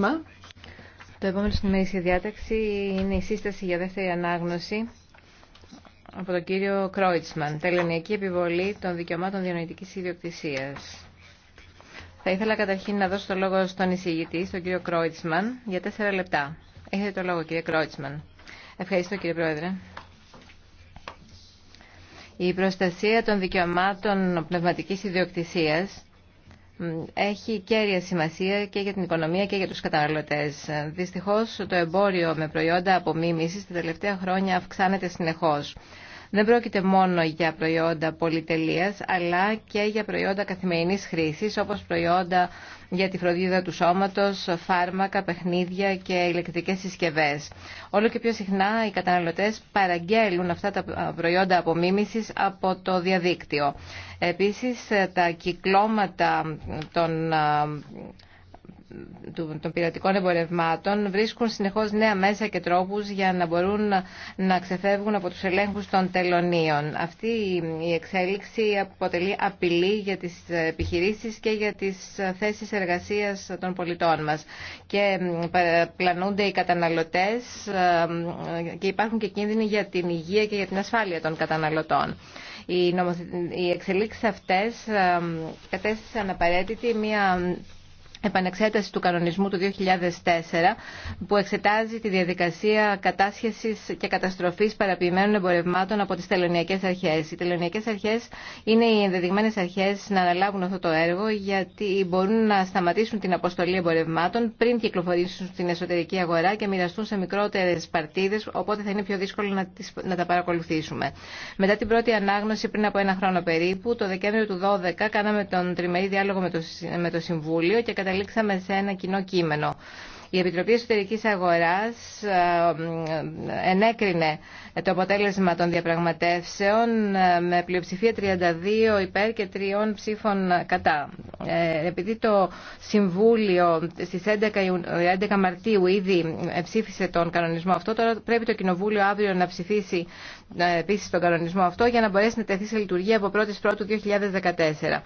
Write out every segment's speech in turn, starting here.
θέμα. Το επόμενο σημείο μέση διάταξη είναι η σύσταση για δεύτερη ανάγνωση από τον κύριο Κρόιτσμαν, Τελωνιακή Επιβολή των Δικαιωμάτων Διανοητικής Ιδιοκτησίας. Θα ήθελα καταρχήν να δώσω το λόγο στον εισηγητή, στον κύριο Κρόιτσμαν, για τέσσερα λεπτά. Έχετε το λόγο, κύριε Κρόιτσμαν. Ευχαριστώ, κύριε Πρόεδρε. Η προστασία των δικαιωμάτων πνευματικής ιδιοκτησίας έχει κέρια σημασία και για την οικονομία και για τους καταναλωτές. Δυστυχώς το εμπόριο με προϊόντα απομίμησης τα τελευταία χρόνια αυξάνεται συνεχώς. Δεν πρόκειται μόνο για προϊόντα πολυτελείας, αλλά και για προϊόντα καθημερινής χρήσης, όπως προϊόντα για τη φροντίδα του σώματος, φάρμακα, παιχνίδια και ηλεκτρικές συσκευές. Όλο και πιο συχνά οι καταναλωτές παραγγέλουν αυτά τα προϊόντα απομίμησης από το διαδίκτυο. Επίσης, τα κυκλώματα των των πειρατικών εμπορευμάτων βρίσκουν συνεχώς νέα μέσα και τρόπους για να μπορούν να ξεφεύγουν από τους ελέγχους των τελωνίων. Αυτή η εξέλιξη αποτελεί απειλή για τις επιχειρήσεις και για τις θέσεις εργασίας των πολιτών μας. Και πλανούνται οι καταναλωτές και υπάρχουν και κίνδυνοι για την υγεία και για την ασφάλεια των καταναλωτών. Οι εξελίξεις αυτές κατέστησαν απαραίτητη μια επανεξέταση του κανονισμού του 2004 που εξετάζει τη διαδικασία κατάσχεσης και καταστροφής παραποιημένων εμπορευμάτων από τις τελωνιακές αρχές. Οι τελωνιακές αρχές είναι οι ενδεδειγμένες αρχές να αναλάβουν αυτό το έργο γιατί μπορούν να σταματήσουν την αποστολή εμπορευμάτων πριν κυκλοφορήσουν στην εσωτερική αγορά και μοιραστούν σε μικρότερες παρτίδες οπότε θα είναι πιο δύσκολο να, να τα παρακολουθήσουμε. Μετά την πρώτη ανάγνωση πριν από ένα χρόνο περίπου, το Δεκέμβριο του 2012 κάναμε τον τριμερή διάλογο με το, με το Συμβούλιο καταλήξαμε σε ένα κοινό κείμενο. Η Επιτροπή Εσωτερική Αγορά ε, ε, ενέκρινε το αποτέλεσμα των διαπραγματεύσεων ε, με πλειοψηφία 32 υπέρ και 3 ψήφων κατά. Επειδή το Συμβούλιο στι 11 Μαρτίου ήδη ψήφισε τον κανονισμό αυτό, τώρα πρέπει το Κοινοβούλιο αύριο να ψηφίσει επίση τον κανονισμό αυτό για να μπορέσει να τεθεί σε λειτουργία από 1η Πρώτου 2014.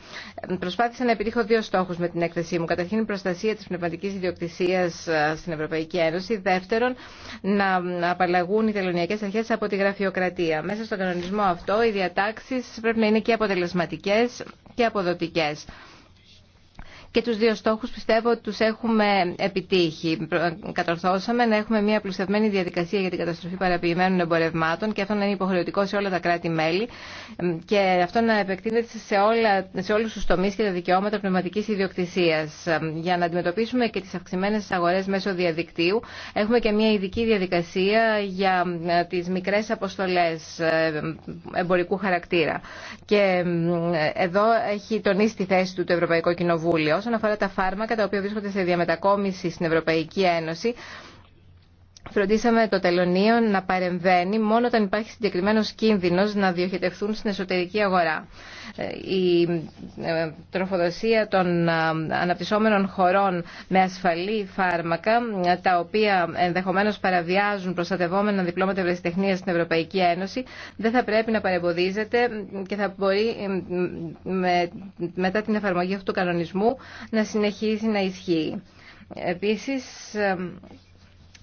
Προσπάθησα να επιτύχω δύο στόχου με την έκθεσή μου. Καταρχήν, η προστασία τη πνευματική ιδιοκτησία στην Ευρωπαϊκή Ένωση. Δεύτερον, να απαλλαγούν οι τελωνιακέ αρχέ από τη γραφειοκρατία. Μέσα στον κανονισμό αυτό, οι διατάξει πρέπει να είναι και αποτελεσματικέ και αποδοτικέ και τους δύο στόχους πιστεύω ότι τους έχουμε επιτύχει. Κατορθώσαμε να έχουμε μια πλουστευμένη διαδικασία για την καταστροφή παραποιημένων εμπορευμάτων και αυτό να είναι υποχρεωτικό σε όλα τα κράτη-μέλη και αυτό να επεκτείνεται σε, όλα, σε όλους τους τομείς και τα δικαιώματα πνευματικής ιδιοκτησίας. Για να αντιμετωπίσουμε και τις αυξημένες αγορές μέσω διαδικτύου έχουμε και μια ειδική διαδικασία για ε, τις μικρές αποστολές ε, εμπορικού χαρακτήρα. Και εδώ έχει τονίσει τη θέση του το Ευρωπαϊκό Κοινοβούλιο όσον αφορά τα φάρμακα τα οποία βρίσκονται σε διαμετακόμιση στην Ευρωπαϊκή Ένωση φροντίσαμε το τελωνείο να παρεμβαίνει μόνο όταν υπάρχει συγκεκριμένος κίνδυνος να διοχετευθούν στην εσωτερική αγορά. Ε, η ε, τροφοδοσία των ε, αναπτυσσόμενων χωρών με ασφαλή φάρμακα, τα οποία ενδεχομένως παραβιάζουν προστατευόμενα διπλώματα ευρεσιτεχνία στην Ευρωπαϊκή Ένωση, δεν θα πρέπει να παρεμποδίζεται και θα μπορεί μετά την εφαρμογή αυτού του κανονισμού να συνεχίζει να ισχύει. Επίσης,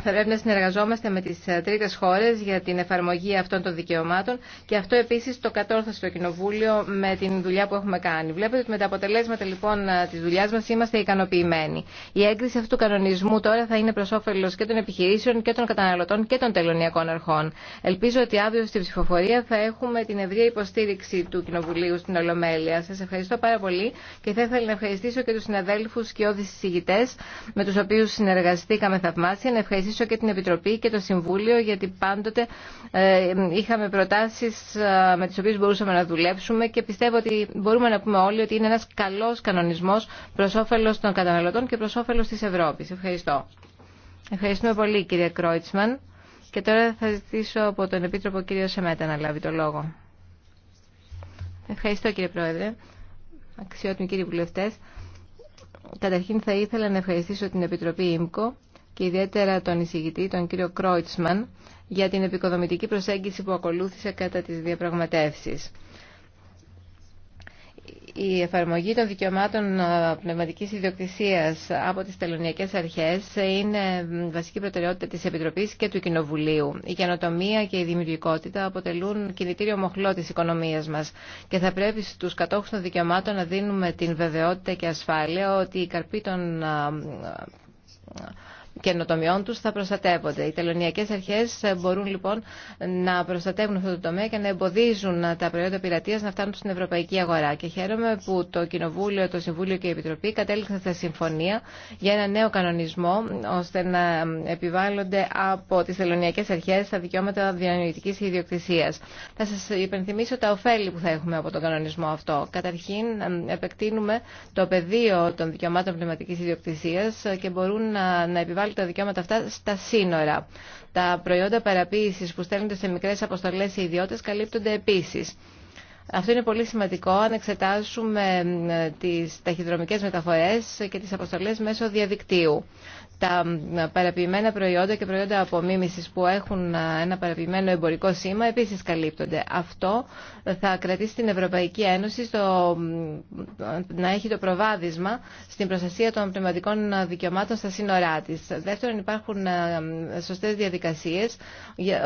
θα πρέπει να συνεργαζόμαστε με τι ε, τρίτε χώρε για την εφαρμογή αυτών των δικαιωμάτων και αυτό επίση το κατόρθωσε το Κοινοβούλιο με την δουλειά που έχουμε κάνει. Βλέπετε ότι με τα αποτελέσματα λοιπόν ε, τη δουλειά μα είμαστε ικανοποιημένοι. Η έγκριση αυτού του κανονισμού τώρα θα είναι προ όφελο και των επιχειρήσεων και των καταναλωτών και των τελωνιακών αρχών. Ελπίζω ότι αύριο στη ψηφοφορία θα έχουμε την ευρία υποστήριξη του Κοινοβουλίου στην Ολομέλεια. Σα ευχαριστώ πάρα πολύ και θα ήθελα να ευχαριστήσω και του συναδέλφου και όδη συζητητέ με του οποίου συνεργαστήκαμε θαυμάσια ευχαριστήσω και την Επιτροπή και το Συμβούλιο γιατί πάντοτε ε, είχαμε προτάσεις ε, με τις οποίες μπορούσαμε να δουλέψουμε και πιστεύω ότι μπορούμε να πούμε όλοι ότι είναι ένας καλός κανονισμός προς όφελος των καταναλωτών και προς όφελος της Ευρώπης. Ευχαριστώ. Ευχαριστούμε πολύ κύριε Κρόιτσμαν και τώρα θα ζητήσω από τον Επίτροπο κύριο Σεμέτα να λάβει το λόγο. Ευχαριστώ κύριε Πρόεδρε, αξιότιμοι κύριοι βουλευτές. Καταρχήν θα ήθελα να ευχαριστήσω την Επιτροπή ΙΜΚΟ και ιδιαίτερα τον εισηγητή, τον κύριο Κρόιτσμαν, για την επικοδομητική προσέγγιση που ακολούθησε κατά τις διαπραγματεύσεις. Η εφαρμογή των δικαιωμάτων πνευματικής ιδιοκτησίας από τις τελωνιακές αρχές είναι βασική προτεραιότητα της Επιτροπής και του Κοινοβουλίου. Η καινοτομία και η δημιουργικότητα αποτελούν κινητήριο μοχλό της οικονομίας μας και θα πρέπει στους κατόχους των δικαιωμάτων να δίνουμε την βεβαιότητα και ασφάλεια ότι οι καρποί των καινοτομιών τους θα προστατεύονται. Οι τελωνιακές αρχές μπορούν λοιπόν να προστατεύουν αυτό το τομέα και να εμποδίζουν τα προϊόντα πειρατείας να φτάνουν στην ευρωπαϊκή αγορά. Και χαίρομαι που το Κοινοβούλιο, το Συμβούλιο και η Επιτροπή κατέληξαν σε συμφωνία για ένα νέο κανονισμό ώστε να επιβάλλονται από τις τελωνιακές αρχές τα δικαιώματα διανοητικής ιδιοκτησίας. Θα σας υπενθυμίσω τα ωφέλη που θα έχουμε από τον κανονισμό αυτό. Καταρχήν, επεκτείνουμε το πεδίο των δικαιωμάτων πνευματικής ιδιοκτησίας και μπορούν να επιβάλλουν τα δικαιώματα αυτά στα σύνορα. Τα προϊόντα παραποίηση που στέλνονται σε μικρέ αποστολέ οι ιδιώτε καλύπτονται επίση. Αυτό είναι πολύ σημαντικό αν εξετάσουμε ε, τις ταχυδρομικές μεταφορές και τις αποστολές μέσω διαδικτύου τα παραποιημένα προϊόντα και προϊόντα απομίμησης που έχουν ε, ένα παραποιημένο εμπορικό σήμα επίσης καλύπτονται. Αυτό θα κρατήσει την Ευρωπαϊκή Ένωση να έχει το προβάδισμα στην προστασία των πνευματικών δικαιωμάτων στα σύνορά τη. Δεύτερον υπάρχουν ε, σωστές διαδικασίες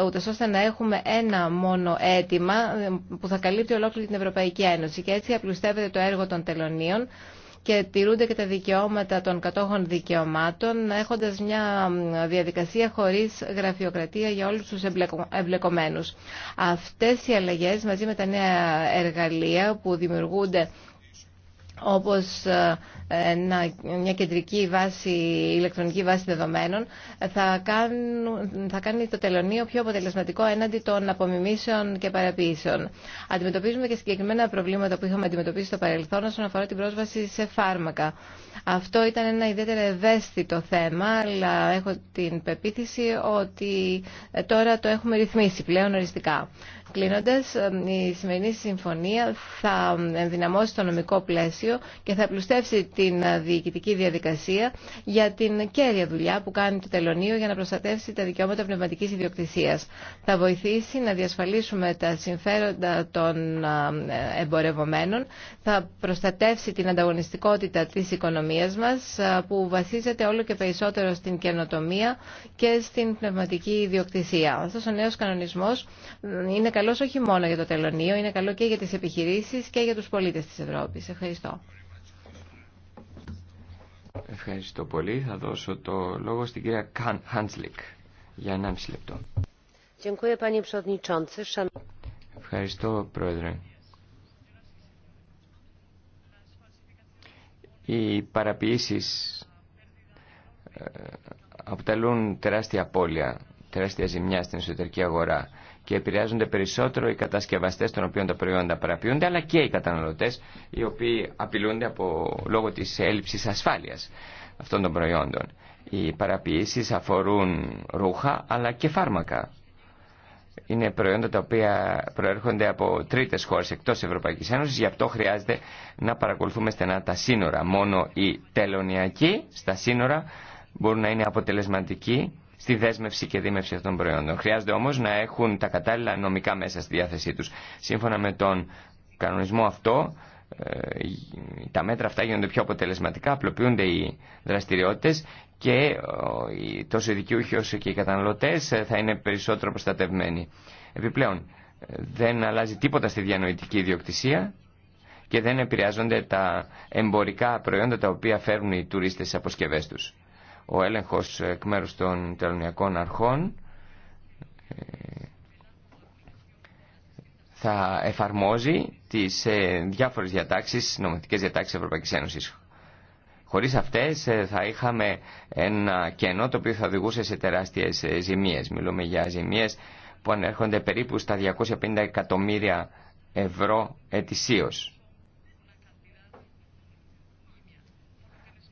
ούτε ώστε να έχουμε ένα μόνο αίτημα ε, που θα καλύπτει ολόκληρη την Ευρωπαϊκή Ένωση και έτσι απλουστεύεται το έργο των τελωνίων και τηρούνται και τα δικαιώματα των κατόχων δικαιωμάτων έχοντας μια διαδικασία χωρίς γραφειοκρατία για όλους τους εμπλεκομένους. Αυτές οι αλλαγές μαζί με τα νέα εργαλεία που δημιουργούνται όπως ε, μια κεντρική βάση, ηλεκτρονική βάση δεδομένων ε, θα, θα κάνει το τελωνίο πιο αποτελεσματικό έναντι των απομιμήσεων και παραποίησεων. Αντιμετωπίζουμε και συγκεκριμένα προβλήματα που είχαμε αντιμετωπίσει στο παρελθόν όσον αφορά την πρόσβαση σε φάρμακα. Αυτό ήταν ένα ιδιαίτερα ευαίσθητο θέμα, αλλά έχω την πεποίθηση ότι ε, τώρα το έχουμε ρυθμίσει πλέον οριστικά. Κλείνοντα, ε, η σημερινή συμφωνία θα ενδυναμώσει το νομικό πλαίσιο και θα πλουστεύσει την ε, διοικητική διαδικασία για την κέρια δουλειά που κάνει το Τελωνίο για να προστατεύσει τα δικαιώματα πνευματική ιδιοκτησία. Θα βοηθήσει να διασφαλίσουμε τα συμφέροντα των ε, εμπορευομένων, θα προστατεύσει την ανταγωνιστικότητα τη οικονομία μα που βασίζεται όλο και περισσότερο στην καινοτομία και στην πνευματική ιδιοκτησία. Αυτό ο νέο κανονισμό είναι καλός όχι μόνο για το τελωνείο, είναι καλό και για τις επιχειρήσεις και για τους πολίτες της Ευρώπης. Ευχαριστώ. Ευχαριστώ πολύ. Θα δώσω το λόγο στην κυρία Χάντσλικ για 1,5 λεπτό. Ευχαριστώ, Πρόεδρε. Οι παραποιήσεις ε, αποτελούν τεράστια απώλεια, τεράστια ζημιά στην εσωτερική αγορά και επηρεάζονται περισσότερο οι κατασκευαστές των οποίων τα προϊόντα παραποιούνται αλλά και οι καταναλωτές οι οποίοι απειλούνται από, λόγω της έλλειψης ασφάλειας αυτών των προϊόντων. Οι παραποιήσεις αφορούν ρούχα αλλά και φάρμακα. Είναι προϊόντα τα οποία προέρχονται από τρίτες χώρες εκτός Ευρωπαϊκής Ένωσης, γι' αυτό χρειάζεται να παρακολουθούμε στενά τα σύνορα. Μόνο οι τελωνιακοί στα σύνορα μπορούν να είναι αποτελεσματικοί στη δέσμευση και δίμευση αυτών των προϊόντων. Χρειάζεται όμω να έχουν τα κατάλληλα νομικά μέσα στη διάθεσή του. Σύμφωνα με τον κανονισμό αυτό, ε, τα μέτρα αυτά γίνονται πιο αποτελεσματικά, απλοποιούνται οι δραστηριότητε και ε, τόσο οι δικαιούχοι όσο και οι καταναλωτέ ε, θα είναι περισσότερο προστατευμένοι. Επιπλέον, δεν αλλάζει τίποτα στη διανοητική ιδιοκτησία και δεν επηρεάζονται τα εμπορικά προϊόντα τα οποία φέρνουν οι τουρίστες στις αποσκευές τους ο έλεγχος εκ μέρους των τελωνιακών αρχών ε, θα εφαρμόζει τις ε, διάφορες διατάξεις, νομοθετικές διατάξεις της Ευρωπαϊκής Ένωσης. Χωρίς αυτές ε, θα είχαμε ένα κενό το οποίο θα οδηγούσε σε τεράστιες ζημίες. Μιλούμε για ζημίες που ανέρχονται περίπου στα 250 εκατομμύρια ευρώ ετησίως.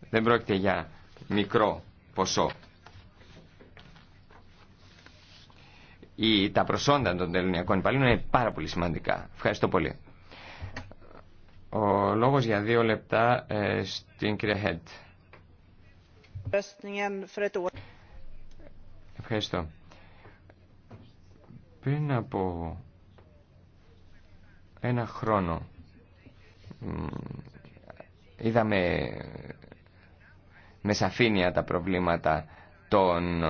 Δεν πρόκειται για μικρό ποσό. Ή τα προσόντα των τελωνιακών υπαλλήλων είναι πάρα πολύ σημαντικά. Ευχαριστώ πολύ. Ο λόγος για δύο λεπτά ε, στην κυρία Χέντ. Ευχαριστώ. Πριν από ένα χρόνο είδαμε με σαφήνεια τα προβλήματα των, ε,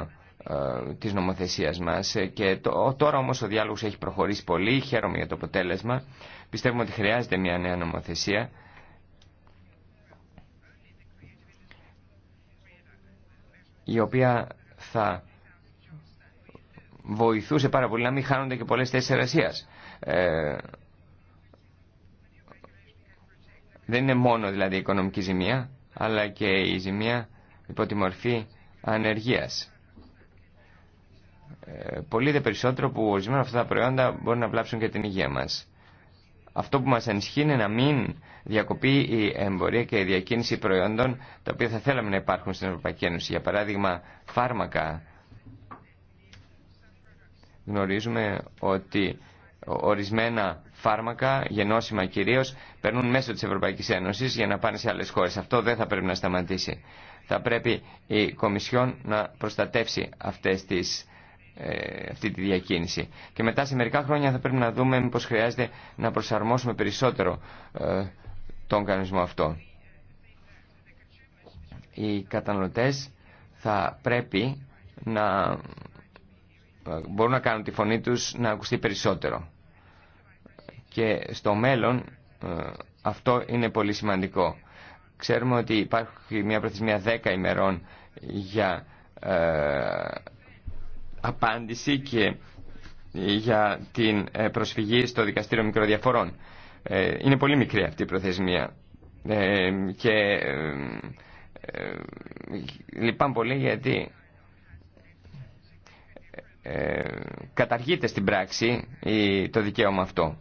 της νομοθεσίας μας ε, και το, τώρα όμως ο διάλογος έχει προχωρήσει πολύ, χαίρομαι για το αποτέλεσμα. Πιστεύουμε ότι χρειάζεται μια νέα νομοθεσία. η οποία θα βοηθούσε πάρα πολύ να μην χάνονται και πολλές θέσεις εργασίας. Ε, δεν είναι μόνο δηλαδή η οικονομική ζημία, αλλά και η ζημία υπό τη μορφή ανεργίας. Ε, πολύ δε περισσότερο που ορισμένα αυτά τα προϊόντα μπορούν να βλάψουν και την υγεία μας. Αυτό που μας ενισχύει είναι να μην διακοπεί η εμπορία και η διακίνηση προϊόντων τα οποία θα θέλαμε να υπάρχουν στην Ευρωπαϊκή Ένωση. Για παράδειγμα φάρμακα. Γνωρίζουμε ότι ορισμένα φάρμακα, γενώσιμα κυρίως, περνούν μέσω της Ευρωπαϊκής Ένωσης για να πάνε σε άλλες χώρες. Αυτό δεν θα πρέπει να σταματήσει. Θα πρέπει η Κομισιόν να προστατεύσει αυτές τις, ε, αυτή τη διακίνηση. Και μετά σε μερικά χρόνια θα πρέπει να δούμε μήπως χρειάζεται να προσαρμόσουμε περισσότερο ε, τον κανονισμό αυτό. Οι καταναλωτές θα πρέπει να ε, μπορούν να κάνουν τη φωνή τους να ακουστεί περισσότερο και στο μέλλον ε, αυτό είναι πολύ σημαντικό. Ξέρουμε ότι υπάρχει μια προθεσμία 10 ημερών για ε, απάντηση και για την ε, προσφυγή στο Δικαστήριο Μικροδιαφορών. Είναι πολύ μικρή αυτή η προθεσμία και λυπάμαι πολύ γιατί καταργείται στην πράξη το δικαίωμα αυτό.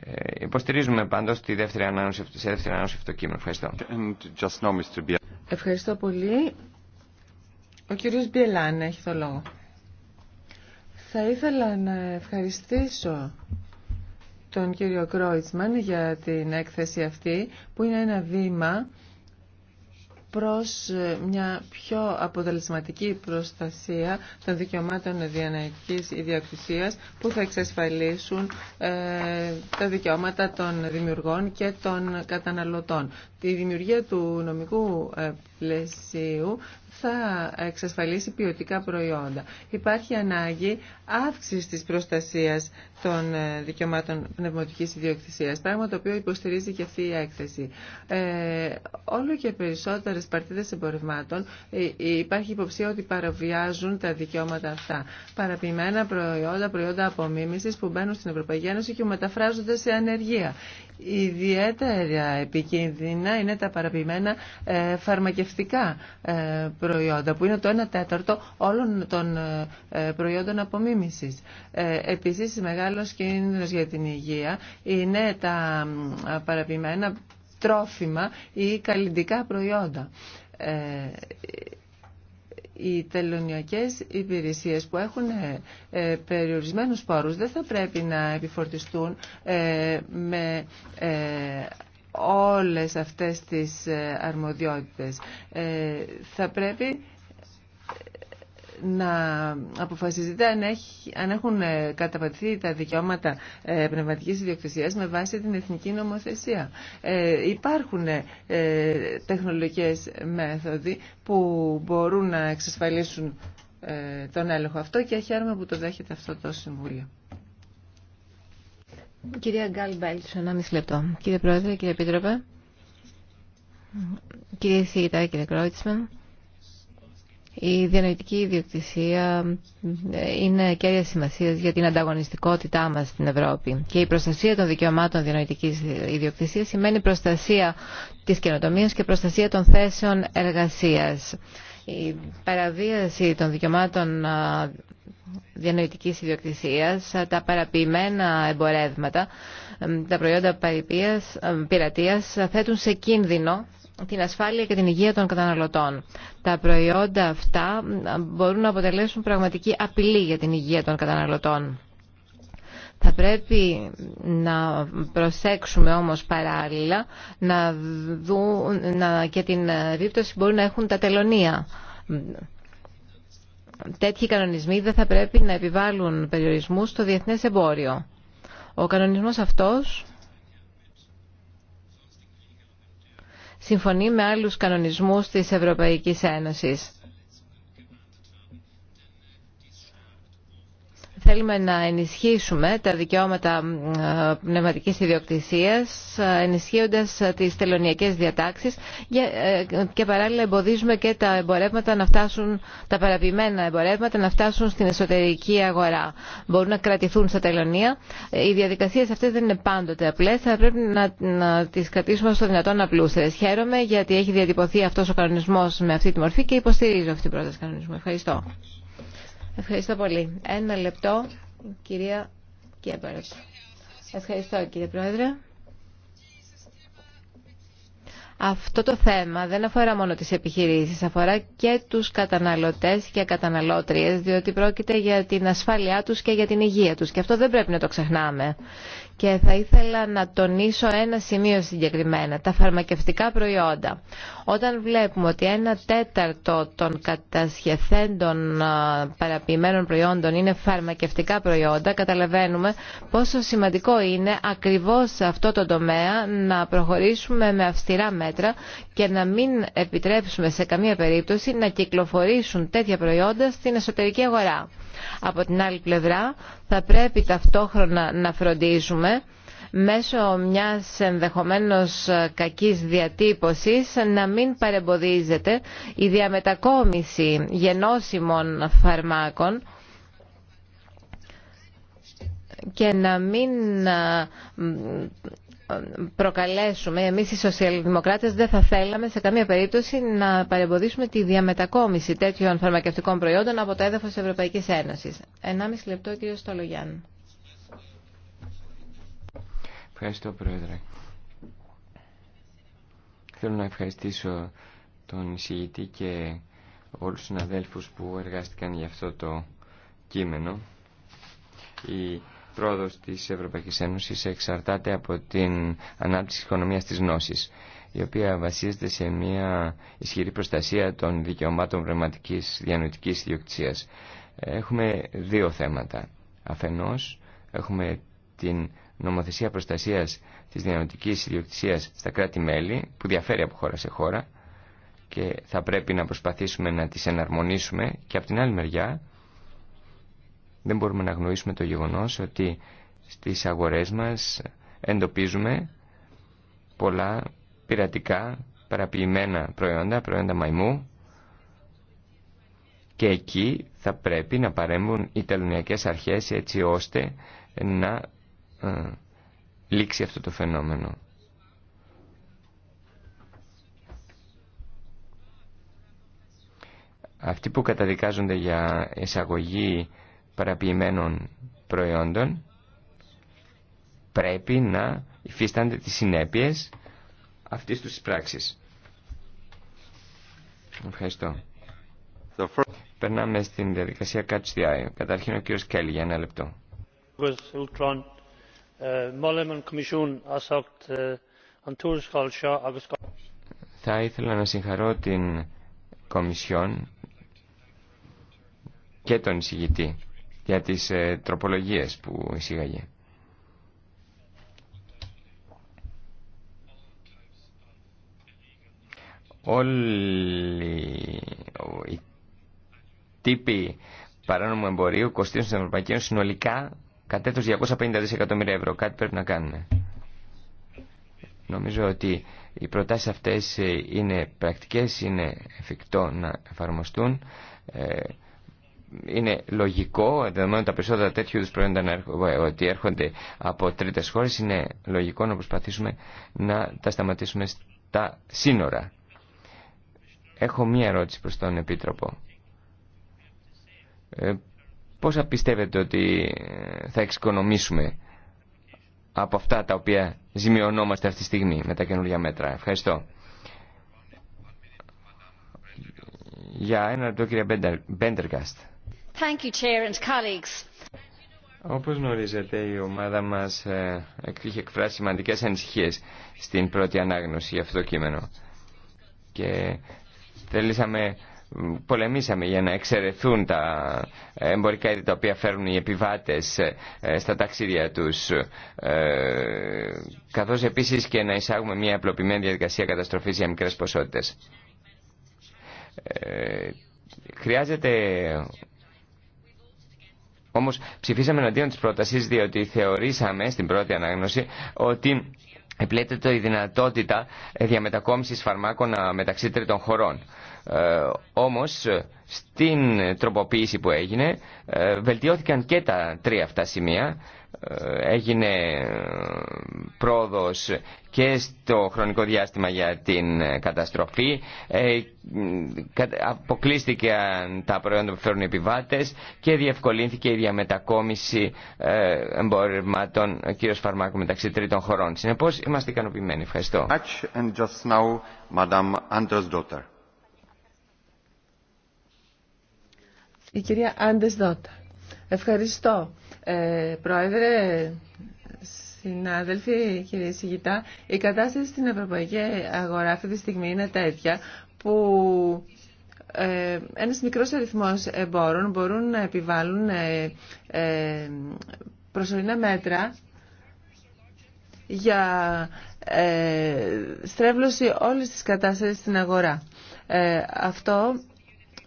Ε, υποστηρίζουμε πάντω τη δεύτερη ανάγνωση, σε δεύτερη ανάγνωση αυτό το κείμενο. Ευχαριστώ. Ευχαριστώ πολύ. Ο κύριος Μπιελάν έχει το λόγο. Θα ήθελα να ευχαριστήσω τον κύριο Κρόιτσμαν για την έκθεση αυτή που είναι ένα βήμα προς ε, μια πιο αποτελεσματική προστασία των δικαιωμάτων διανοητικής ιδιοκτησίας που θα εξασφαλίσουν ε, τα δικαιώματα των δημιουργών και των καταναλωτών. Τη δημιουργία του νομικού ε, πλαισίου θα εξασφαλίσει ποιοτικά προϊόντα. Υπάρχει ανάγκη αύξηση της προστασίας των ε, δικαιωμάτων πνευματικής ιδιοκτησίας, πράγμα το οποίο υποστηρίζει και αυτή η έκθεση. Ε, όλο και περισσότερες παρτίδες εμπορευμάτων ε, υπάρχει υποψία ότι παραβιάζουν τα δικαιώματα αυτά. Παραποιημένα προϊόντα, προϊόντα απομίμησης που μπαίνουν στην Ευρωπαϊκή Ένωση και μεταφράζονται σε ανεργία. Ιδιαίτερα επικίνδυνα είναι τα παραποιημένα ε, φαρμακευτικά ε, προϊόντα, που είναι το 1 τέταρτο όλων των ε, ε, προϊόντων απομίμησης. Επίσης, μεγάλος κίνδυνος για την υγεία είναι τα παραποιημένα τρόφιμα ή καλλιντικά προϊόντα οι τελωνιακές υπηρεσίες που έχουν περιορισμένους πόρους δεν θα πρέπει να επιφορτιστούν με όλες αυτές τις ε, αρμοδιότητες. Ε, θα πρέπει να αποφασίζεται αν, έχουν ε, καταπατηθεί τα δικαιώματα πνευματικής ιδιοκτησίας με βάση την εθνική νομοθεσία. υπάρχουν τεχνολογικές μέθοδοι που μπορούν να εξασφαλίσουν τον έλεγχο αυτό και χαίρομαι που το δέχεται αυτό το Συμβούλιο. Κυρία Γκάλ Μπέλτς, λεπτό. Κύριε Πρόεδρε, κύριε Επίτροπε, κύριε Σιγητά, κύριε Κρόιτσμεν, η διανοητική ιδιοκτησία ε, είναι κέρια σημασία για την ανταγωνιστικότητά μα στην Ευρώπη. Και η προστασία των δικαιωμάτων διανοητική ιδιοκτησία σημαίνει προστασία τη καινοτομία και προστασία των θέσεων εργασία. Η παραβίαση των δικαιωμάτων διανοητικής ιδιοκτησίας, τα παραποιημένα εμπορεύματα, τα προϊόντα πειρατείας θέτουν σε κίνδυνο την ασφάλεια και την υγεία των καταναλωτών. Τα προϊόντα αυτά μπορούν να αποτελέσουν πραγματική απειλή για την υγεία των καταναλωτών. Θα πρέπει να προσέξουμε όμως παράλληλα να να, και την δίπτωση που μπορεί να έχουν τα τελωνία. Τέτοιοι κανονισμοί δεν θα πρέπει να επιβάλλουν περιορισμούς στο διεθνές εμπόριο. Ο κανονισμός αυτός συμφωνεί με άλλους κανονισμούς της Ευρωπαϊκής Ένωσης. Θέλουμε να ενισχύσουμε τα δικαιώματα ε, πνευματικής ιδιοκτησίας, ε, ενισχύοντας ε, τις τελωνιακές διατάξεις και παράλληλα εμποδίζουμε και τα εμπορεύματα να φτάσουν, τα παραποιημένα εμπορεύματα να φτάσουν στην εσωτερική αγορά. Μπορούν να κρατηθούν στα τελωνία. Οι διαδικασίες αυτές δεν είναι πάντοτε απλές, θα πρέπει να, να τις κρατήσουμε στο δυνατόν απλούστερες. Χαίρομαι γιατί έχει διατυπωθεί αυτός ο κανονισμός με αυτή τη μορφή και υποστηρίζω αυτή την πρόταση κανονισμού. Ευχαριστώ. Ευχαριστώ πολύ. Ένα λεπτό, κυρία Κέμπερτ. Ευχαριστώ, κύριε Πρόεδρε. Αυτό το θέμα δεν αφορά μόνο τις επιχειρήσεις, αφορά και τους καταναλωτές και καταναλώτριες, διότι πρόκειται για την ασφάλειά τους και για την υγεία τους. Και αυτό δεν πρέπει να το ξεχνάμε και θα ήθελα να τονίσω ένα σημείο συγκεκριμένα, τα φαρμακευτικά προϊόντα. Όταν βλέπουμε ότι ένα τέταρτο των κατασχεθέντων παραποιημένων προϊόντων είναι φαρμακευτικά προϊόντα, καταλαβαίνουμε πόσο σημαντικό είναι ακριβώς σε αυτό το τομέα να προχωρήσουμε με αυστηρά μέτρα και να μην επιτρέψουμε σε καμία περίπτωση να κυκλοφορήσουν τέτοια προϊόντα στην εσωτερική αγορά. Από την άλλη πλευρά θα πρέπει ταυτόχρονα να φροντίζουμε μέσω μιας ενδεχομένως κακής διατύπωσης να μην παρεμποδίζεται η διαμετακόμιση γενώσιμων φαρμάκων και να μην προκαλέσουμε, εμείς οι σοσιαλδημοκράτες δεν θα θέλαμε σε καμία περίπτωση να παρεμποδίσουμε τη διαμετακόμιση τέτοιων φαρμακευτικών προϊόντων από το έδαφος της Ευρωπαϊκής Ένωσης. 1,5 λεπτό κύριο Στολογιάννη. Ευχαριστώ, Πρόεδρε. Θέλω να ευχαριστήσω τον εισηγητή και όλους τους αδέλφους που εργάστηκαν για αυτό το κείμενο. Η πρόοδος της Ευρωπαϊκής Ένωσης εξαρτάται από την ανάπτυξη της οικονομίας της γνώσης, η οποία βασίζεται σε μια ισχυρή προστασία των δικαιωμάτων πνευματικής διανοητικής ιδιοκτησίας. Έχουμε δύο θέματα. Αφενός, έχουμε την νομοθεσία προστασίας τη δυναμική ιδιοκτησία στα κράτη-μέλη, που διαφέρει από χώρα σε χώρα και θα πρέπει να προσπαθήσουμε να τις εναρμονίσουμε και από την άλλη μεριά δεν μπορούμε να γνωρίσουμε το γεγονός ότι στις αγορές μας εντοπίζουμε πολλά πειρατικά παραποιημένα προϊόντα, προϊόντα μαϊμού και εκεί θα πρέπει να παρέμβουν οι τελωνιακές αρχές έτσι ώστε να λήξει αυτό το φαινόμενο. Αυτοί που καταδικάζονται για εισαγωγή παραποιημένων προϊόντων πρέπει να υφίστανται τις συνέπειες αυτής της πράξης. Ευχαριστώ. Περνάμε στην διαδικασία Catch the Eye. Καταρχήν ο κύριος Κέλλη για ένα λεπτό. Ε, ε, Θα ήθελα να συγχαρώ την Κομισιόν και τον εισηγητή για τις ε, τροπολογίες που εισήγαγε. Όλοι οι τύποι παράνομου εμπορίου κοστίζουν στην Ευρωπαϊκή Ένωση συνολικά κατέτος 250 δισεκατομμύρια ευρώ. Κάτι πρέπει να κάνουμε. Νομίζω ότι οι προτάσεις αυτές ε, είναι πρακτικές, είναι εφικτό να εφαρμοστούν. Ε, είναι λογικό, δεδομένου τα περισσότερα τέτοιου είδους προϊόντα ε, ότι έρχονται από τρίτες χώρες, είναι λογικό να προσπαθήσουμε να τα σταματήσουμε στα σύνορα. Έχω μία ερώτηση προς τον Επίτροπο πόσα πιστεύετε ότι ε, θα εξοικονομήσουμε από αυτά τα οποία ζημιωνόμαστε αυτή τη στιγμή με τα καινούργια μέτρα. Ευχαριστώ. Για ένα λεπτό κύριε Μπέντεργκαστ. Όπως γνωρίζετε η ομάδα μας είχε εκφράσει σημαντικές ανησυχίες στην πρώτη ανάγνωση για αυτό το κείμενο και θέλησαμε πολεμήσαμε για να εξαιρεθούν τα εμπορικά είδη τα οποία φέρουν οι επιβάτες ε, στα ταξίδια τους ε, καθώς επίσης και να εισάγουμε μια απλοποιημένη διαδικασία καταστροφής για μικρές ποσότητες. Ε, χρειάζεται όμως ψηφίσαμε εναντίον της πρότασης διότι θεωρήσαμε στην πρώτη ανάγνωση ότι Επλέτεται η δυνατότητα ε, διαμετακόμισης φαρμάκων μεταξύ τρίτων χωρών. Ε, όμως, στην τροποποίηση που έγινε, ε, βελτιώθηκαν και τα τρία αυτά σημεία ε, έγινε ε, πρόοδος και στο χρονικό διάστημα για την ε, καταστροφή. Αποκλείστηκαν τα προϊόντα που φέρουν οι επιβάτες και διευκολύνθηκε η διαμετακόμιση εμπορευμάτων κυρίως φαρμάκου μεταξύ τρίτων χωρών. Συνεπώς είμαστε ικανοποιημένοι. Ευχαριστώ. Η κυρία Άντες Ευχαριστώ. Ε, πρόεδρε, συνάδελφοι, κύριε κύριοι, η κατάσταση στην ευρωπαϊκή αγορά αυτή τη στιγμή είναι τέτοια που ε, ένας μικρός αριθμός εμπόρων μπορούν να επιβάλλουν ε, ε προσωρινά μέτρα για ε, στρέβλωση όλης της κατάστασης στην αγορά. Ε, αυτό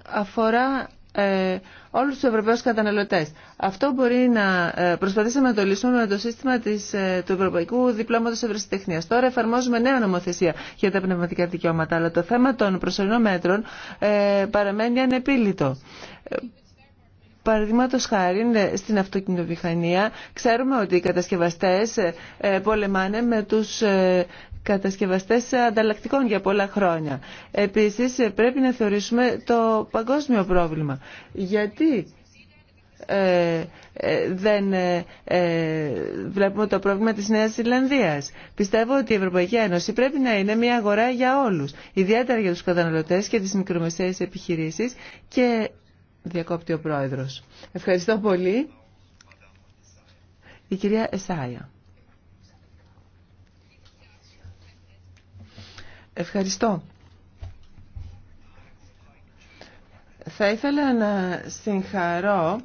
αφορά ε, όλους τους Ευρωπαίους καταναλωτές. Αυτό μπορεί να ε, προσπαθήσουμε να το λύσουμε με το σύστημα της, ε, του Ευρωπαϊκού Διπλώματος Ευρεσιτεχνίας. Τώρα εφαρμόζουμε νέα νομοθεσία για τα πνευματικά δικαιώματα, αλλά το θέμα των προσωρινών μέτρων παραμένει ανεπίλητο. Παραδείγματο χάρη ναι, στην αυτοκινητοβιχανία, ξέρουμε ότι οι κατασκευαστέ πολεμάνε με του κατασκευαστές ανταλλακτικών για πολλά χρόνια. Επίσης πρέπει να θεωρήσουμε το παγκόσμιο πρόβλημα. Γιατί ε, ε δεν ε, ε, βλέπουμε το πρόβλημα της Νέας Ιρλανδίας. Πιστεύω ότι η Ευρωπαϊκή Ένωση πρέπει να είναι μια αγορά για όλους, ιδιαίτερα για τους καταναλωτές και τις μικρομεσαίες επιχειρήσεις και διακόπτει ο Πρόεδρος. Ευχαριστώ πολύ. Η κυρία Εσάια. Ευχαριστώ. Θα ήθελα να συγχαρώ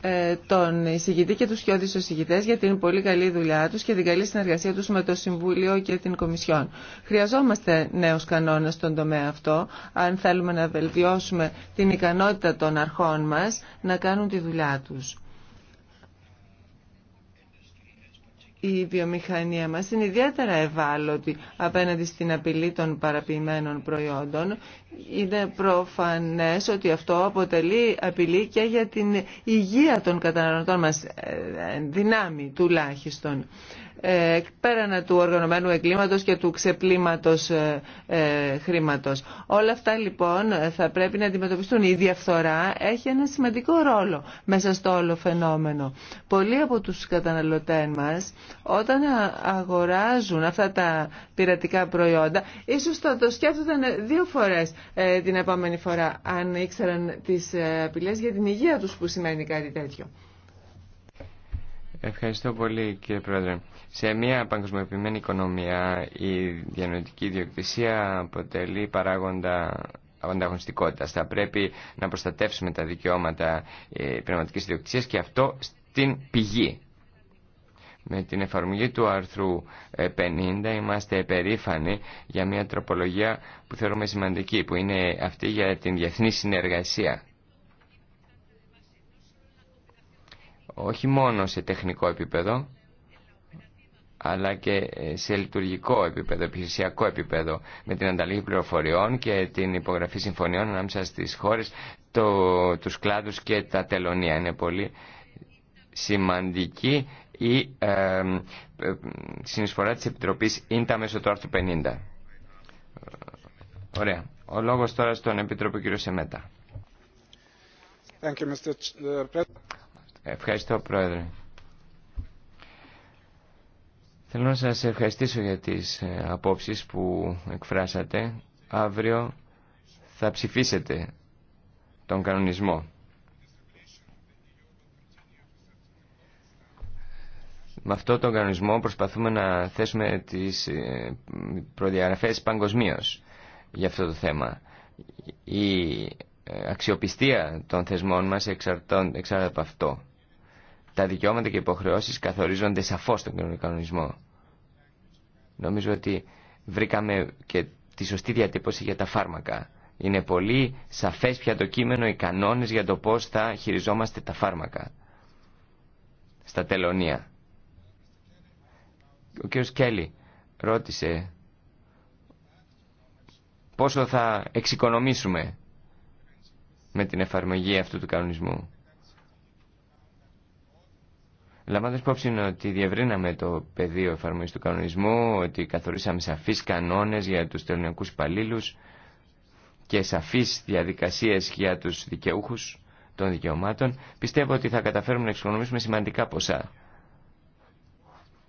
ε, τον εισηγητή και τους χιώδης εισηγητές για την πολύ καλή δουλειά τους και την καλή συνεργασία τους με το Συμβούλιο και την Κομισιόν. Χρειαζόμαστε νέους κανόνες στον τομέα αυτό, αν θέλουμε να βελτιώσουμε την ικανότητα των αρχών μας να κάνουν τη δουλειά τους. η βιομηχανία μας είναι ιδιαίτερα ευάλωτη απέναντι στην απειλή των παραποιημένων προϊόντων. Είναι προφανές ότι αυτό αποτελεί απειλή και για την υγεία των καταναλωτών μας, ε, ε, δυνάμει τουλάχιστον. Ε, πέραν του οργανωμένου εγκλήματος και του ξεπλήματος ε, ε, χρήματος. Όλα αυτά λοιπόν θα πρέπει να αντιμετωπιστούν. Η διαφθορά έχει ένα σημαντικό ρόλο μέσα στο όλο φαινόμενο. Πολλοί από τους καταναλωτές μας όταν αγοράζουν αυτά τα πειρατικά προϊόντα ίσως θα το σκέφτονταν δύο φορές την επόμενη φορά αν ήξεραν τις απειλές για την υγεία τους που σημαίνει κάτι τέτοιο. Ευχαριστώ πολύ κύριε Πρόεδρε. Σε μια παγκοσμιοποιημένη οικονομία η διανοητική ιδιοκτησία αποτελεί παράγοντα ανταγωνιστικότητα. Θα πρέπει να προστατεύσουμε τα δικαιώματα ε, πνευματική ιδιοκτησία και αυτό στην πηγή. Με την εφαρμογή του άρθρου 50 ε, είμαστε περήφανοι για μια τροπολογία που θεωρούμε σημαντική, που είναι αυτή για την διεθνή συνεργασία όχι μόνο σε τεχνικό επίπεδο, αλλά και σε λειτουργικό επίπεδο, επιχειρησιακό επίπεδο, με την ανταλλαγή πληροφοριών και την υπογραφή συμφωνιών ανάμεσα στις χώρες, το, τους κλάδους και τα τελωνία. Είναι πολύ σημαντική η ε, συνεισφορά της Επιτροπής ίντα μέσω του άρθρου 50. Ωραία. Ο λόγος τώρα στον Επιτρόπο, κ. Σεμέτα. Thank Ευχαριστώ Πρόεδρε. Θέλω να σας ευχαριστήσω για τις ε, απόψεις που εκφράσατε. Αύριο θα ψηφίσετε τον κανονισμό. Με αυτόν τον κανονισμό προσπαθούμε να θέσουμε τις ε, προδιαγραφές παγκοσμίω για αυτό το θέμα. Η ε, αξιοπιστία των θεσμών μας εξαρτάται από αυτό τα δικαιώματα και οι υποχρεώσεις καθορίζονται σαφώς στον κοινωνικό κανονισμό. Νομίζω ότι βρήκαμε και τη σωστή διατύπωση για τα φάρμακα. Είναι πολύ σαφές πια το κείμενο οι κανόνες για το πώς θα χειριζόμαστε τα φάρμακα στα τελωνία. Ο κ. Κέλλη ρώτησε πόσο θα εξοικονομήσουμε με την εφαρμογή αυτού του κανονισμού. Λαμβάνοντα υπόψη ότι διευρύναμε το πεδίο εφαρμογή του κανονισμού, ότι καθορίσαμε σαφεί κανόνε για του τελωνιακού υπαλλήλου και σαφεί διαδικασίε για του δικαιούχου των δικαιωμάτων, πιστεύω ότι θα καταφέρουμε να εξοικονομήσουμε σημαντικά ποσά.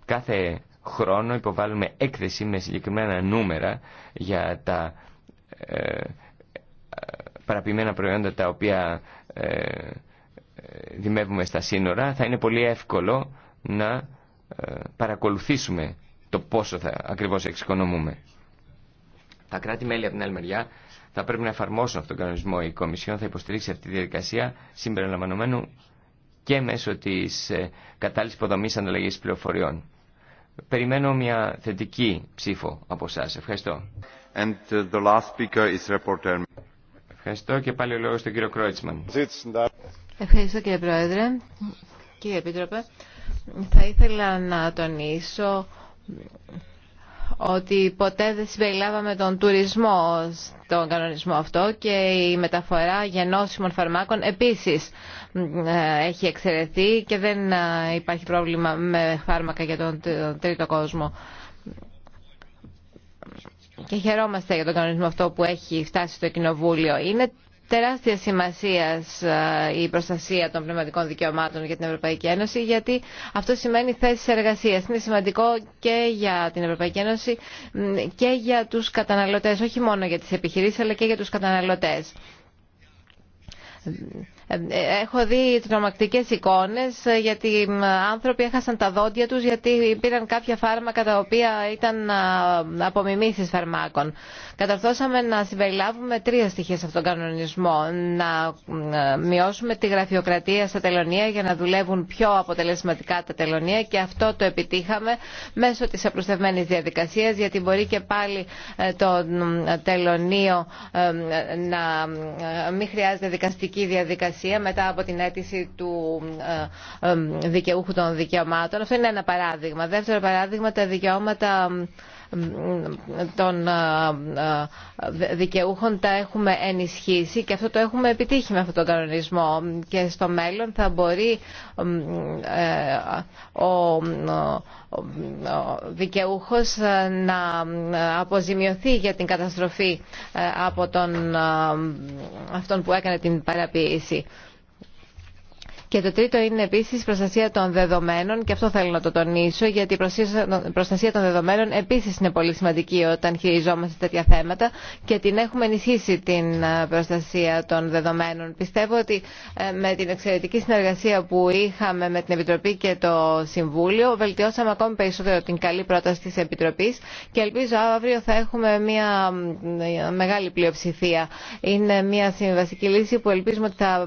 Κάθε χρόνο υποβάλλουμε έκθεση με συγκεκριμένα νούμερα για τα ε, ε, παραπημένα προϊόντα τα οποία ε, δημεύουμε στα σύνορα, θα είναι πολύ εύκολο να ε, παρακολουθήσουμε το πόσο θα ακριβώς εξοικονομούμε. Τα κράτη-μέλη από την άλλη μεριά θα πρέπει να εφαρμόσουν αυτόν τον κανονισμό. Η Κομισιόν θα υποστηρίξει αυτή τη διαδικασία συμπεριλαμβανομένου και μέσω της ε, κατάλληλη υποδομή ανταλλαγή πληροφοριών. Περιμένω μια θετική ψήφο από εσά. Ευχαριστώ. And the last is Ευχαριστώ και πάλι ο λόγος στον κύριο Κρόιτσμαν. Ευχαριστώ κύριε Πρόεδρε. Κύριε Επίτροπε, θα ήθελα να τονίσω ότι ποτέ δεν συμπεριλάβαμε τον τουρισμό στον κανονισμό αυτό και η μεταφορά γενώσιμων φαρμάκων επίσης ε, έχει εξαιρεθεί και δεν ε, υπάρχει πρόβλημα με φάρμακα για τον τρίτο κόσμο. Και χαιρόμαστε για τον κανονισμό αυτό που έχει φτάσει στο Κοινοβούλιο. Είναι τεράστια σημασία ε, η προστασία των πνευματικών δικαιωμάτων για την Ευρωπαϊκή Ένωση, γιατί αυτό σημαίνει θέσει εργασία. Είναι σημαντικό και για την Ευρωπαϊκή Ένωση και για του καταναλωτέ, όχι μόνο για τι επιχειρήσει, αλλά και για του καταναλωτέ. Ε, ε, έχω δει τρομακτικέ εικόνε, ε, γιατί άνθρωποι έχασαν τα δόντια τους γιατί πήραν κάποια φάρμακα τα οποία ήταν απομιμήσεις φαρμάκων. Καταρθώσαμε να συμπεριλάβουμε τρία στοιχεία σε αυτόν τον κανονισμό. Να μειώσουμε τη γραφειοκρατία στα τελωνία για να δουλεύουν πιο αποτελεσματικά τα τελωνία και αυτό το επιτύχαμε μέσω τη απλουστευμένη διαδικασία, γιατί μπορεί και πάλι το τελωνίο να μην χρειάζεται δικαστική διαδικασία μετά από την αίτηση του ε, ε, δικαιούχου των δικαιωμάτων. Αυτό είναι ένα παράδειγμα. Δεύτερο παράδειγμα, τα δικαιώματα των ε, ε, δικαιούχων τα έχουμε ενισχύσει και αυτό το έχουμε επιτύχει με αυτόν τον κανονισμό και στο μέλλον θα μπορεί ε, ο δικαιούχος να αποζημιωθεί για την καταστροφή από τον, αυτόν που έκανε την παραποίηση. Και το τρίτο είναι επίσης προστασία των δεδομένων και αυτό θέλω να το τονίσω γιατί η προστασία των δεδομένων επίση είναι πολύ σημαντική όταν χειριζόμαστε τέτοια θέματα και την έχουμε ενισχύσει την ε, προστασία των δεδομένων. Πιστεύω ότι ε, με την εξαιρετική συνεργασία που είχαμε με την Επιτροπή και το Συμβούλιο βελτιώσαμε ακόμη περισσότερο την καλή πρόταση τη επιτροπή και ελπίζω αύριο θα έχουμε μια μεγάλη πλειοψηφία. Είναι μια συμβασική λύση που ελπίζουμε ότι θα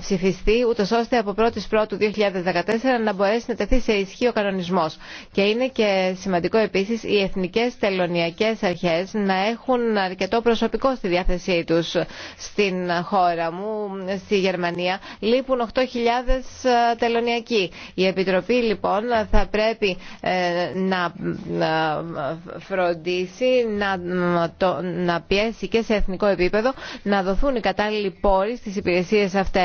ψηφιστεί ούτως ώστε από 1η Πρώτου 2014 να μπορέσει να τεθεί σε ισχύ ο κανονισμό. Και είναι και σημαντικό επίση οι εθνικέ τελωνιακέ αρχέ να έχουν αρκετό προσωπικό στη διάθεσή του στην χώρα μου, στη Γερμανία. Λείπουν 8.000 ε, τελωνιακοί. Η Επιτροπή λοιπόν θα πρέπει ε, να φροντίσει, να, να πιέσει και σε εθνικό επίπεδο να δοθούν οι κατάλληλοι πόροι στις υπηρεσίες αυτές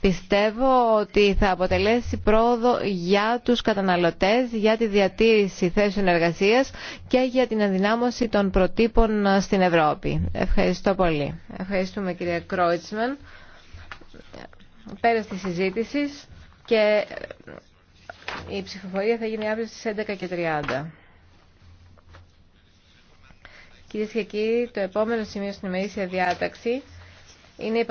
Πιστεύω ότι θα αποτελέσει πρόοδο για τους καταναλωτές, για τη διατήρηση θέσεων εργασίας και για την ενδυνάμωση των προτύπων στην Ευρώπη. Ευχαριστώ πολύ. Ευχαριστούμε κυρία Κρόιτσμαν. Πέρα τη συζήτηση και η ψηφοφορία θα γίνει αύριο στις 11.30. Κυρίε και κύριοι, το επόμενο σημείο στην ημερήσια διάταξη είναι η